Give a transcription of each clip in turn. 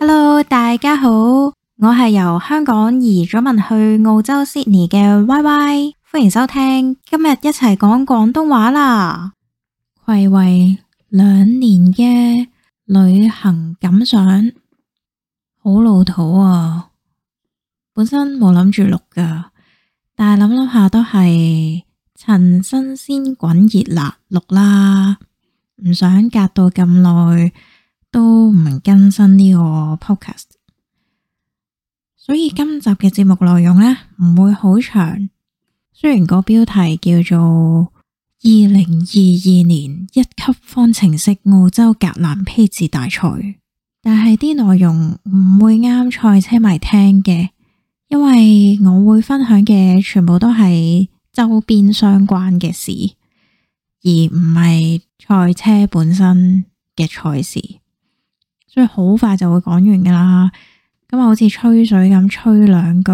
Hello，大家好，我係由香港移咗民去澳洲 Sydney 嘅 Y Y，歡迎收聽今日一齊講廣東話啦。睽違兩年嘅旅行感想，好老土啊！本身冇諗住錄㗎，但係諗諗下都係。趁新鮮滾熱辣錄啦，唔想隔到咁耐都唔更新呢個 podcast，所以今集嘅節目內容呢唔會好長。雖然個標題叫做《二零二二年一級方程式澳洲格蘭披治大賽》，但係啲內容唔會啱賽車迷聽嘅，因為我會分享嘅全部都係。周邊相關嘅事，而唔係賽車本身嘅賽事，所以好快就會講完噶啦。咁啊，好似吹水咁吹兩句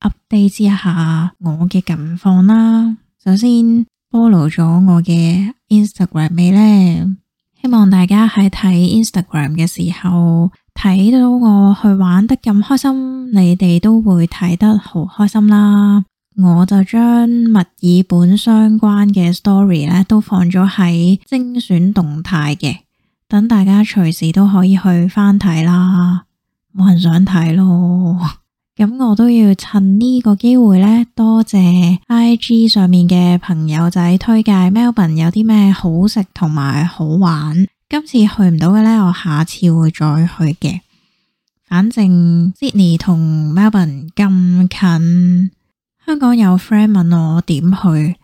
，update 一下我嘅近況啦。首先 follow 咗我嘅 Instagram 未呢？希望大家喺睇 Instagram 嘅時候睇到我去玩得咁開心，你哋都會睇得好開心啦。我就將墨爾本相關嘅 story 咧都放咗喺精選動態嘅，等大家隨時都可以去翻睇啦。冇人想睇咯，咁 我都要趁呢個機會咧，多謝 IG 上面嘅朋友仔推介 Melbourne 有啲咩好食同埋好玩。今次去唔到嘅咧，我下次會再去嘅。反正 Sydney 同 Melbourne 咁近。香港有 friend 問我點去，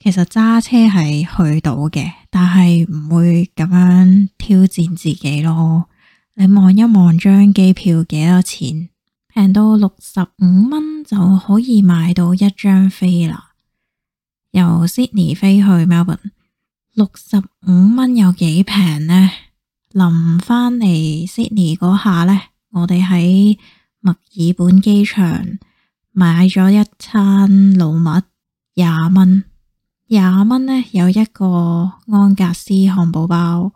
其實揸車係去到嘅，但係唔會咁樣挑戰自己咯。你望一望張機票幾多錢，平到六十五蚊就可以買到一張飛啦。由 Sydney 飛去 Melbourne，六十五蚊有幾平呢？臨返嚟 Sydney 嗰下咧，我哋喺墨爾本機場。買咗一餐老麥廿蚊，廿蚊咧有一個安格斯漢堡包、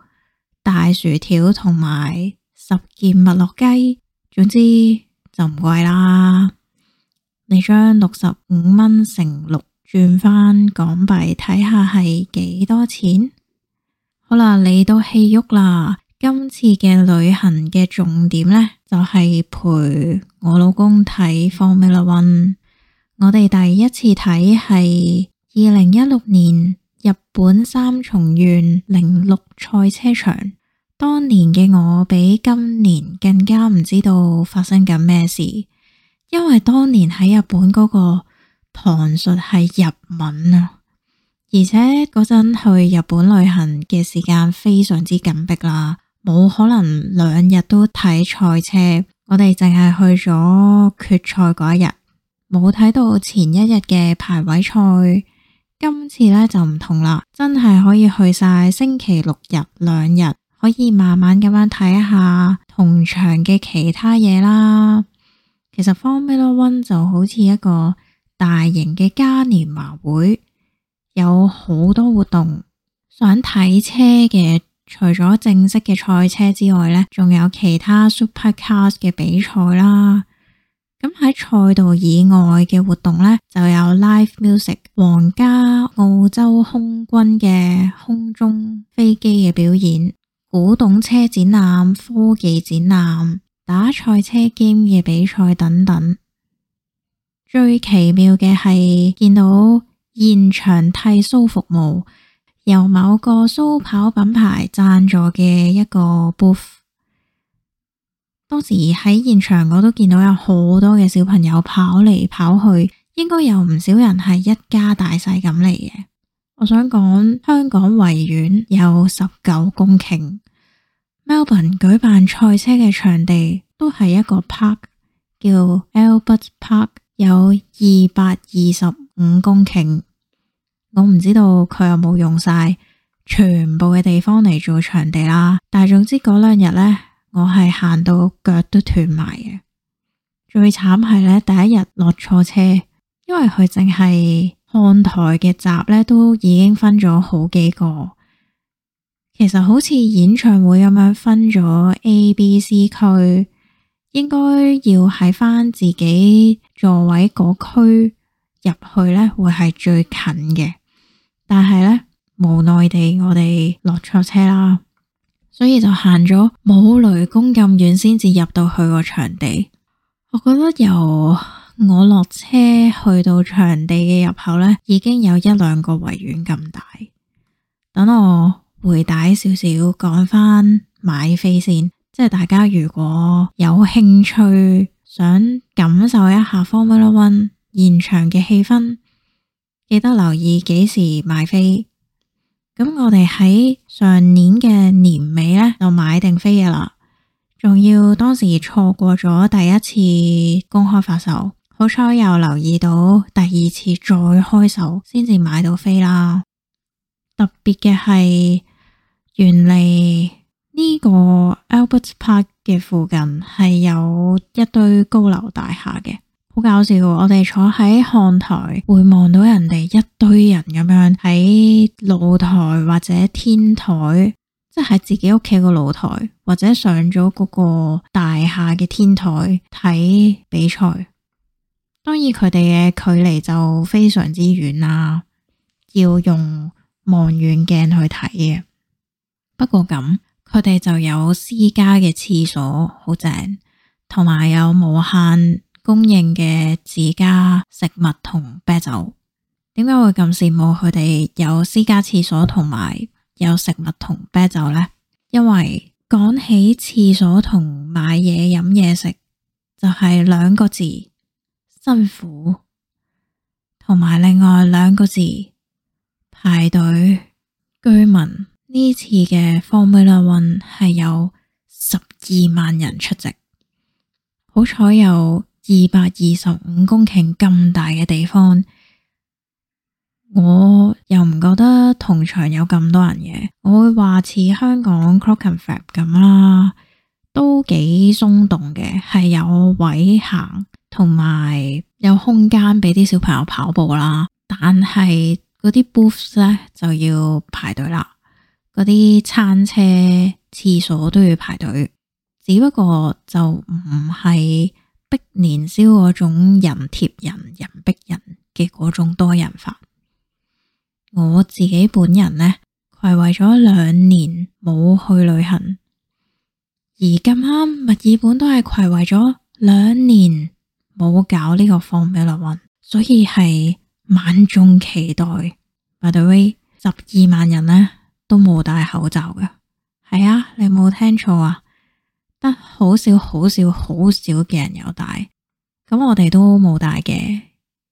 大薯條同埋十件麥樂雞，總之就唔貴啦。你將六十五蚊乘六轉翻港幣，睇下係幾多錢？好啦，你都氣鬱啦。今次嘅旅行嘅重點呢，就係、是、陪我老公睇 Formula One。我哋第一次睇係二零一六年日本三重縣鈴鹿賽車場。當年嘅我比今年更加唔知道發生緊咩事，因為當年喺日本嗰、那個旁述係日文啊，而且嗰陣去日本旅行嘅時間非常之緊迫啦。冇可能兩日都睇賽車，我哋淨係去咗決賽嗰日，冇睇到前一日嘅排位賽。今次呢就唔同啦，真係可以去晒星期六日兩日，可以慢慢咁樣睇下同場嘅其他嘢啦。其實 Formula One 就好似一個大型嘅嘉年華會，有好多活動，想睇車嘅。除咗正式嘅賽車之外，呢仲有其他 Supercars 嘅比賽啦。咁喺賽道以外嘅活動呢，就有 live music、皇家澳洲空軍嘅空中飛機嘅表演、古董車展覽、科技展覽、打賽車 game 嘅比賽等等。最奇妙嘅係見到現場剃鬚服務。由某個蘇跑品牌贊助嘅一個 booth，當時喺現場我都見到有好多嘅小朋友跑嚟跑去，應該有唔少人係一家大細咁嚟嘅。我想講，香港維園有十九公頃，Melbourne 舉，舉辦賽車嘅場地都係一個 park 叫 Albert Park，有二百二十五公頃。我唔知道佢有冇用晒全部嘅地方嚟做場地啦，但係總之嗰兩日呢，我係行到腳都斷埋嘅。最慘係呢，第一日落錯車，因為佢淨係看台嘅閘呢，都已經分咗好幾個。其實好似演唱會咁樣分咗 A、B、C 區，應該要喺翻自己座位嗰區。入去呢會係最近嘅，但係呢，無奈地我哋落錯車啦，所以就行咗冇雷公咁遠先至入到去個場地。我覺得由我落車去到場地嘅入口呢，已經有一兩個維園咁大。等我帶點點回帶少少，講返買飛先，即係大家如果有興趣想感受一下 Formula One。現場嘅氣氛，記得留意幾時買飛。咁我哋喺上年嘅年尾呢，就買定飛嘅啦，仲要當時錯過咗第一次公開發售，好彩又留意到第二次再開售，先至買到飛啦。特別嘅係，原嚟呢個 Albert Park 嘅附近係有一堆高樓大廈嘅。好搞笑，我哋坐喺看台會望到人哋一堆人咁樣喺露台或者天台，即係自己屋企個露台或者上咗嗰個大廈嘅天台睇比賽。當然佢哋嘅距離就非常之遠啦，要用望遠鏡去睇嘅。不過咁，佢哋就有私家嘅廁所，好正，同埋有無限。供應嘅自家食物同啤酒，點解會咁羨慕佢哋有私家廁所同埋有食物同啤酒呢？因為講起廁所同買嘢飲嘢食，就係、是、兩個字辛苦，同埋另外兩個字排隊。居民呢次嘅 Formula One 係有十二萬人出席，好彩有。二百二十五公頃咁大嘅地方，我又唔覺得同場有咁多人嘅。我會話似香港 Clockenflap 咁啦，都幾鬆動嘅，係有位行，同埋有空間俾啲小朋友跑步啦。但係嗰啲 booths 咧就要排隊啦，嗰啲餐車、廁所都要排隊，只不過就唔係，逼年宵嗰種人貼人人逼人嘅嗰種多人法，我自己本人呢，睽違咗兩年冇去旅行，而咁啱墨爾本都係睽違咗兩年冇搞呢個 Formula One，所以係萬眾期待，By the way，十二萬人呢都冇戴口罩嘅，係啊，你冇聽錯啊！好少，好少，好少嘅人有戴。咁我哋都冇戴嘅，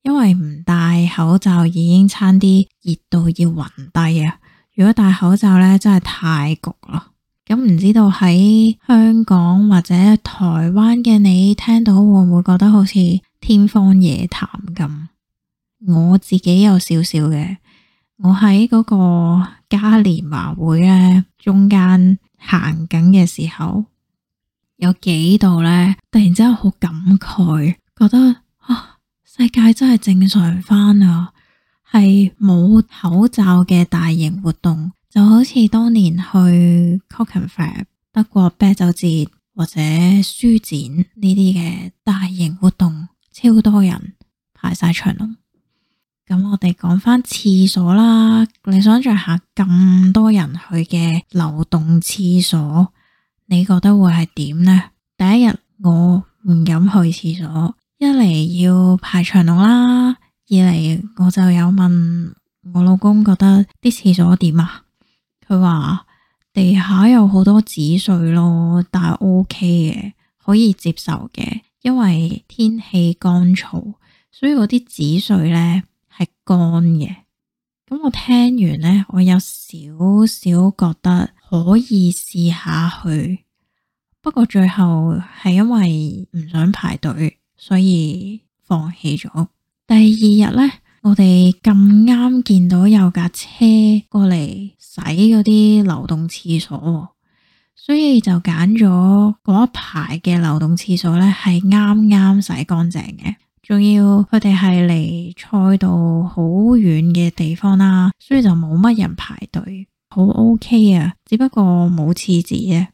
因為唔戴口罩已經差啲熱到要暈低啊。如果戴口罩呢，真係太焗啦。咁唔知道喺香港或者台灣嘅你聽到會唔會覺得好似天方夜譚咁？我自己有少少嘅，我喺嗰個嘉年華會咧中間行緊嘅時候。有幾度呢？突然之間好感慨，覺得啊，世界真係正常翻啊！係冇口罩嘅大型活動，就好似當年去 conference 德國啤酒節或者書展呢啲嘅大型活動，超多人排晒長龍。咁我哋講翻廁所啦，你想象下咁多人去嘅流動廁所。你覺得會係點呢？第一日我唔敢去廁所，一嚟要排長龍啦，二嚟我就有問我老公覺得啲廁所點啊？佢話地下有好多紙碎咯，但係 OK 嘅，可以接受嘅，因為天氣乾燥，所以嗰啲紙碎咧係乾嘅。咁我聽完咧，我有少少覺得。可以試下去，不過最後係因為唔想排隊，所以放棄咗。第二日呢，我哋咁啱見到有架車過嚟洗嗰啲流動廁所，所以就揀咗嗰一排嘅流動廁所呢係啱啱洗乾淨嘅，仲要佢哋係嚟賽道好遠嘅地方啦，所以就冇乜人排隊。好 OK 啊，只不過冇廁紙啫。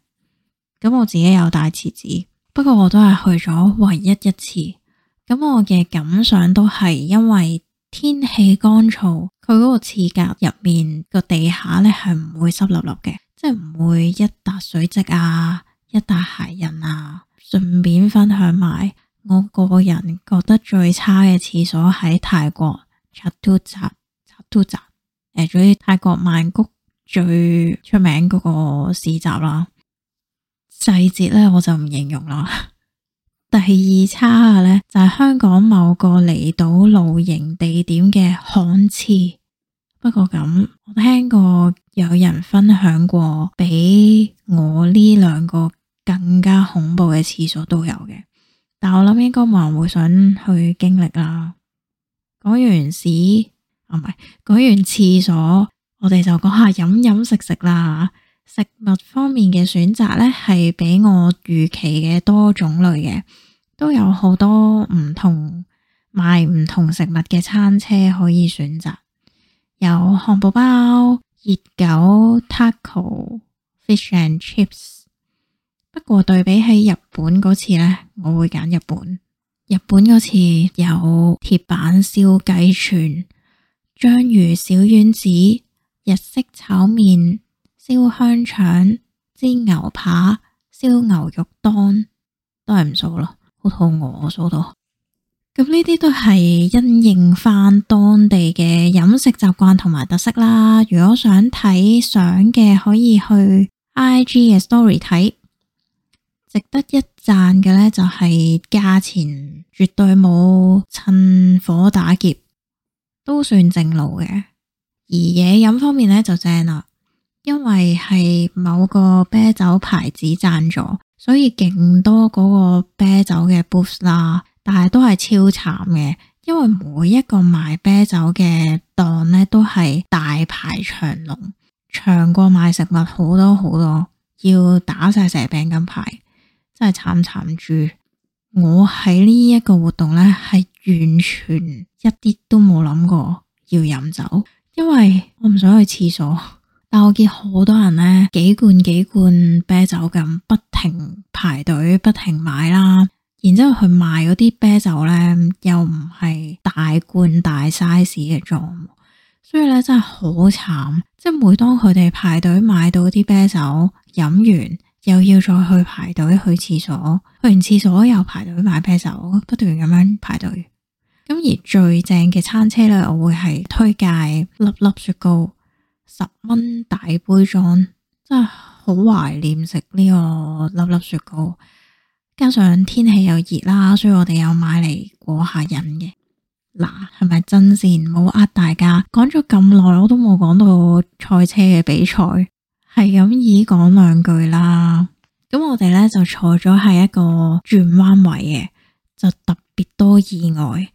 咁我自己有帶廁紙，不過我都係去咗唯一一次。咁我嘅感想都係因為天氣乾燥，佢嗰個廁格入面個地下呢係唔會濕立立嘅，即係唔會一笪水漬啊，一笪鞋印啊。順便分享埋我個人覺得最差嘅廁所喺泰國，扎都雜，扎都雜，誒，仲有泰國曼谷。最出名嗰個市集啦，細節咧我就唔形容啦。第二差咧就係香港某個離島露營地點嘅旱廁，不過咁我聽過有人分享過，比我呢兩個更加恐怖嘅廁所都有嘅，但我諗應該冇人會想去經歷啦。講完屎，唔係講完廁所。我哋就講下飲飲食食啦，食物方面嘅選擇咧，係比我預期嘅多種類嘅，都有好多唔同賣唔同食物嘅餐車可以選擇，有漢堡包、熱狗、Taco、Fish and Chips。不過對比起日本嗰次咧，我會揀日本。日本嗰次有鐵板燒雞串、章魚小丸子。日式炒麵、燒香腸、煎牛扒、燒牛肉檔，都係唔錯咯，好肚餓，我數到。咁呢啲都係因應翻當地嘅飲食習慣同埋特色啦。如果想睇相嘅，可以去 IG 嘅 Story 睇。值得一讚嘅呢，就係價錢絕對冇趁火打劫，都算正路嘅。而嘢飲方面咧就正啦，因為係某個啤酒牌子贊助，所以勁多嗰個啤酒嘅 boost 啦。但係都係超慘嘅，因為每一個賣啤酒嘅檔咧都係大排長龍，長過賣食物好多好多，要打晒蛇餅咁排，真係慘慘豬。我喺呢一個活動咧係完全一啲都冇諗過要飲酒。因為我唔想去廁所，但我見好多人咧，幾罐幾罐啤酒咁，不停排隊，不停買啦。然之後佢賣嗰啲啤酒咧，又唔係大罐大 size 嘅裝，所以咧真係好慘。即係每當佢哋排隊買到啲啤酒，飲完又要再去排隊去廁所，去完廁所又排隊買啤酒，不斷咁樣排隊。咁而最正嘅餐車呢，我會係推介粒粒雪糕，十蚊大杯裝，真係好懷念食呢個粒粒雪糕。加上天氣又熱啦，所以我哋有買嚟過下癮嘅。嗱，係咪真先？唔好呃大家。講咗咁耐，我都冇講到賽車嘅比賽，係咁易講兩句啦。咁我哋呢，就坐咗係一個轉彎位嘅，就特別多意外。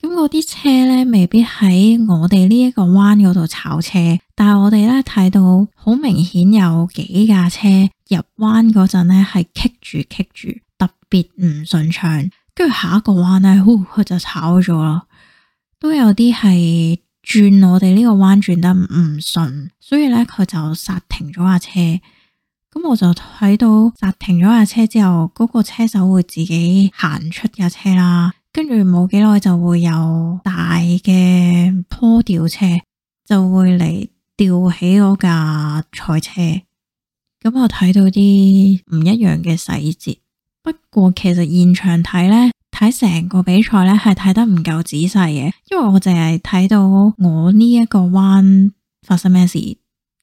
咁嗰啲車咧，未必喺我哋呢一個彎嗰度炒車，但係我哋咧睇，到好明顯有幾架車入彎嗰陣咧，係棘住棘住，特別唔順暢，跟住下一個彎咧，呼，佢就炒咗咯。都有啲係轉我哋呢個彎轉得唔順，所以咧佢就剎停咗架車。咁我就睇到剎停咗架車之後，嗰個車手會自己行出架車啦。跟住冇幾耐就會有大嘅拖吊車就會嚟吊起嗰架賽車，咁我睇到啲唔一樣嘅細節。不過其實現場睇呢，睇成個比賽呢係睇得唔夠仔細嘅，因為我淨係睇到我呢一個彎發生咩事。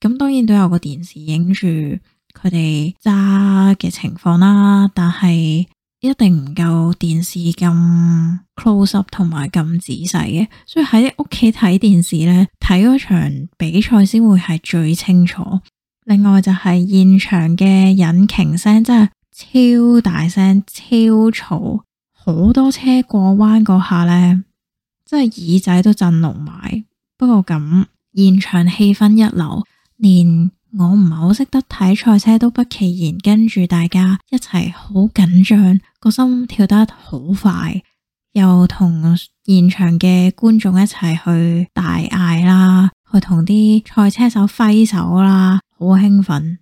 咁當然都有個電視影住佢哋揸嘅情況啦，但係。一定唔夠電視咁 close up 同埋咁仔細嘅，所以喺屋企睇電視呢，睇嗰場比賽先會係最清楚。另外就係現場嘅引擎聲真係超大聲超嘈，好多車過彎嗰下呢，真係耳仔都震聾埋。不過咁現場氣氛一流，連。我唔係好識得睇賽車，都不其然，跟住大家一齊好緊張，個心跳得好快，又同現場嘅觀眾一齊去大嗌啦，去同啲賽車手揮手啦，好興奮。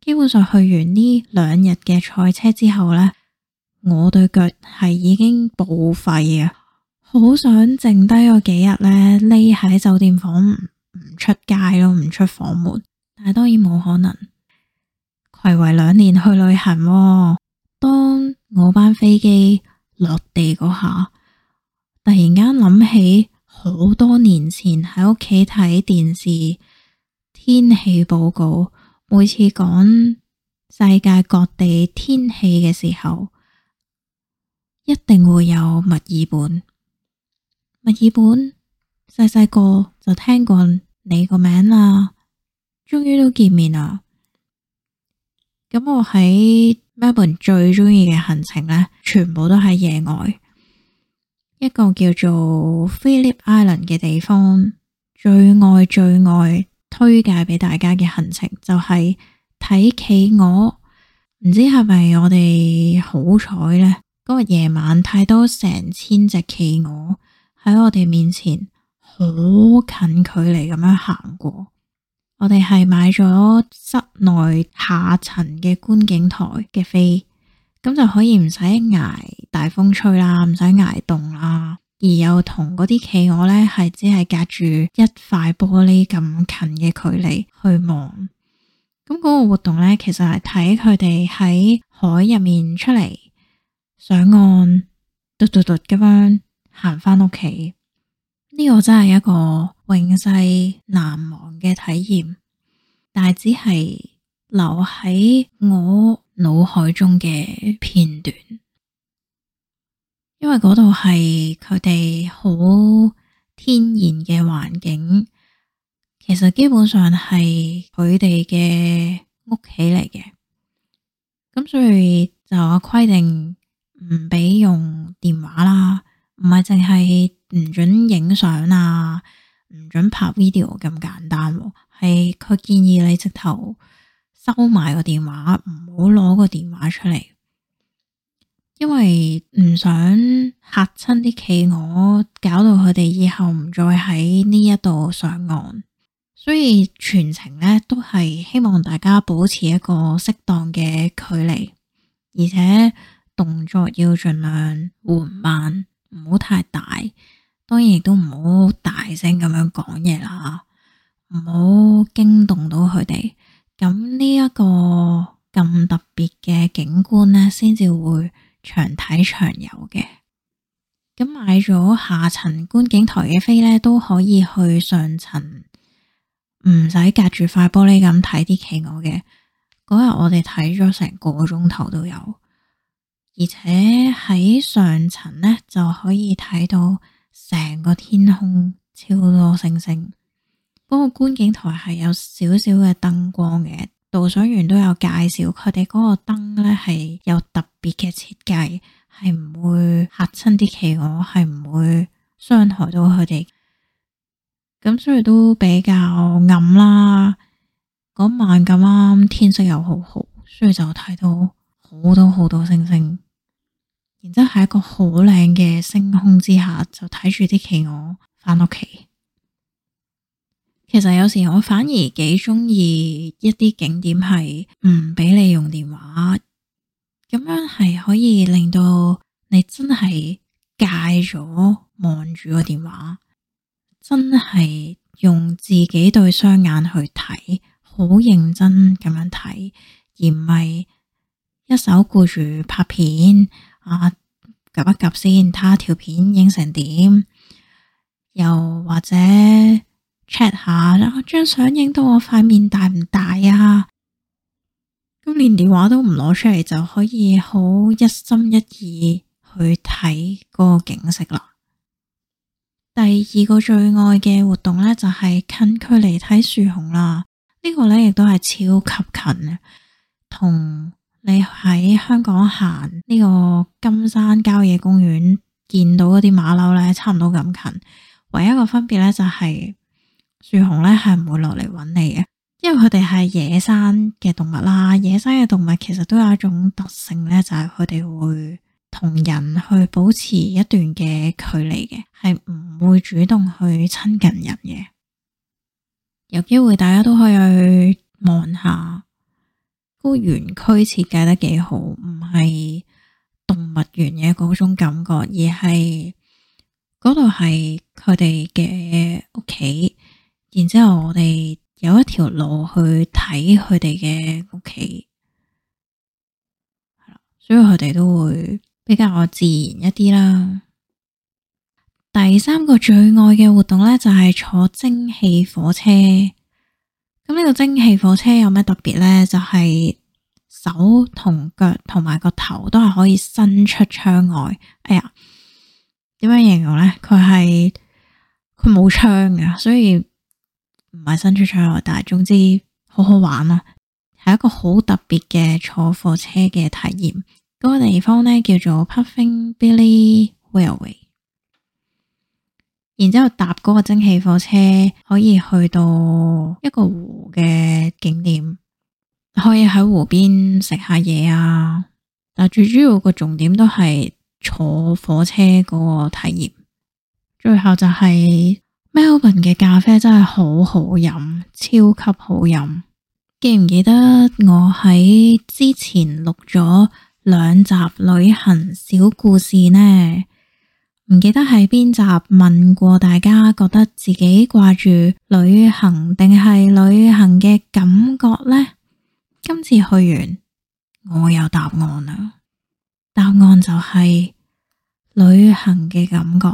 基本上去完呢兩日嘅賽車之後呢，我對腳係已經報廢啊！好想剩低嗰幾日呢，匿喺酒店房唔出街咯，唔出房門。但係當然冇可能，睽違兩年去旅行啊。當我班飛機落地嗰下，突然間諗起好多年前喺屋企睇電視天氣報告，每次講世界各地天氣嘅時候，一定會有墨爾本。墨爾本細細個就聽過你個名啦。終於都見面啦！咁我喺 Melbourne 最鍾意嘅行程咧，全部都喺野外。一個叫做 Philip Island 嘅地方，最愛最愛推介畀大家嘅行程就係、是、睇企鵝。唔知係咪我哋好彩咧？嗰個夜晚太多成千隻企鵝喺我哋面前，好近距離咁樣行過。我哋係買咗室內下層嘅觀景台嘅飛，咁就可以唔使挨大風吹啦，唔使挨凍啦，而又同嗰啲企鵝呢，係只係隔住一塊玻璃咁近嘅距離去望。咁、那、嗰個活動呢，其實係睇佢哋喺海入面出嚟上岸，嘟嘟嘟咁樣行翻屋企。呢個真係一個永世難忘嘅體驗，但係只係留喺我腦海中嘅片段，因為嗰度係佢哋好天然嘅環境，其實基本上係佢哋嘅屋企嚟嘅，咁所以就有規定唔畀用電話啦，唔係淨係。唔准影相啊！唔准拍 video 咁簡單，係佢建議你直頭收埋個電話，唔好攞個電話出嚟，因為唔想嚇親啲企鵝，搞到佢哋以後唔再喺呢一度上岸。所以全程呢，都係希望大家保持一個適當嘅距離，而且動作要盡量緩慢，唔好太大。當然亦都唔好大聲咁樣講嘢啦，唔好驚動到佢哋。咁呢一個咁特別嘅景觀呢，先至會長睇長有嘅。咁買咗下層觀景台嘅飛呢，都可以去上層，唔使隔住塊玻璃咁睇啲企鵝嘅。嗰日我哋睇咗成個鐘頭都有，而且喺上層呢，就可以睇到。成個天空超多星星，嗰個觀景台係有少少嘅燈光嘅，導賞員都有介紹，佢哋嗰個燈呢係有特別嘅設計，係唔會嚇親啲企鵝，係唔會傷害到佢哋。咁所以都比較暗啦，嗰晚咁啱天色又好好，所以就睇到好多好多星星。然之後喺一個好靚嘅星空之下，就睇住啲企鵝返屋企。其實有時我反而幾中意一啲景點係唔俾你用電話，咁樣係可以令到你真係戒咗望住個電話，真係用自己對雙眼去睇，好認真咁樣睇，而唔係一手顧住拍片。啊，夾一夾先，睇下條片影成點？又或者 check 下啦，張相影到我塊面大唔大啊？咁連電話都唔攞出嚟，就可以好一心一意去睇嗰個景色啦。第二個最愛嘅活動咧，就係近距離睇樹熊啦。呢個咧亦都係超級近嘅，同，你喺香港行呢個金山郊野公園見到嗰啲馬騮咧，差唔多咁近。唯一一個分別咧，就係樹熊咧係唔會落嚟搵你嘅，因為佢哋係野生嘅動物啦。野生嘅動物其實都有一種特性咧，就係佢哋會同人去保持一段嘅距離嘅，係唔會主動去親近人嘅。有機會大家都可以去望下。個園區設計得幾好，唔係動物園嘅嗰種感覺，而係嗰度係佢哋嘅屋企，然之後我哋有一條路去睇佢哋嘅屋企，所以佢哋都會比較自然一啲啦。第三個最愛嘅活動呢，就係坐蒸汽火車。咁呢個蒸汽火車有咩特別呢？就係、係、手同腳同埋個頭都係可以伸出窗外。哎呀，點樣形容呢？佢係佢冇窗嘅，所以唔係伸出窗外。但係總之好好玩啊，係一個好特別嘅坐火車嘅體驗。嗰、嗰個地方呢，叫做 Puffing Billy Railway。然之後搭嗰個蒸汽火車可以去到一個湖嘅景點，可以喺湖邊食下嘢啊。但最主要個重點都係坐火車嗰個體驗。最後就係 Melbourne 嘅咖啡真係好好飲，超級好飲。記唔記得我喺之前錄咗兩集旅行小故事呢？唔記得喺邊集問過大家覺得自己掛住旅行定係旅行嘅感覺呢？今次去完，我有答案啦。答案就係旅行嘅感覺。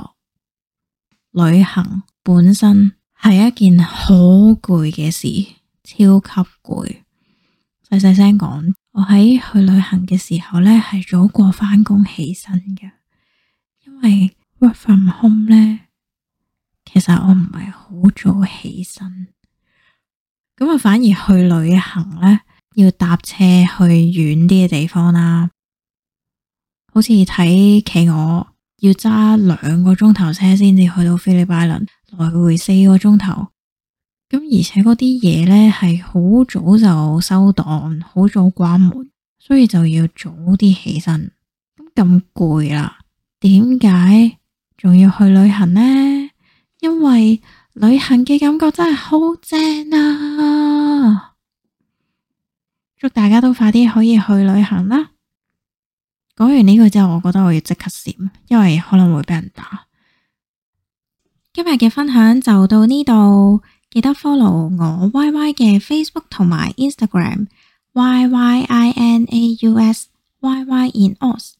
旅行本身係一件好攰嘅事，超級攰。細細聲講，我喺去旅行嘅時候呢，係早過返工起身㗎，因為。回翻 home，其實我唔係好早起身，咁我反而去旅行呢，要搭車去遠啲嘅地方啦。好似睇企鵝，要揸兩個鐘頭車先至去到 Phillip Island，來回四個鐘頭。咁而且嗰啲嘢呢係好早就收檔，好早關門，所以就要早啲起身。咁咁攰啦，點解？仲要去旅行呢？因為旅行嘅感覺真係好正啊！祝大家都快啲可以去旅行啦。講完呢句之後，我覺得我要即刻閃，因為可能會俾人打。今日嘅分享就到呢度，記得 follow 我 Y Y 嘅 Facebook 同埋 Instagram Y Y I N A U S Y Y In Aus。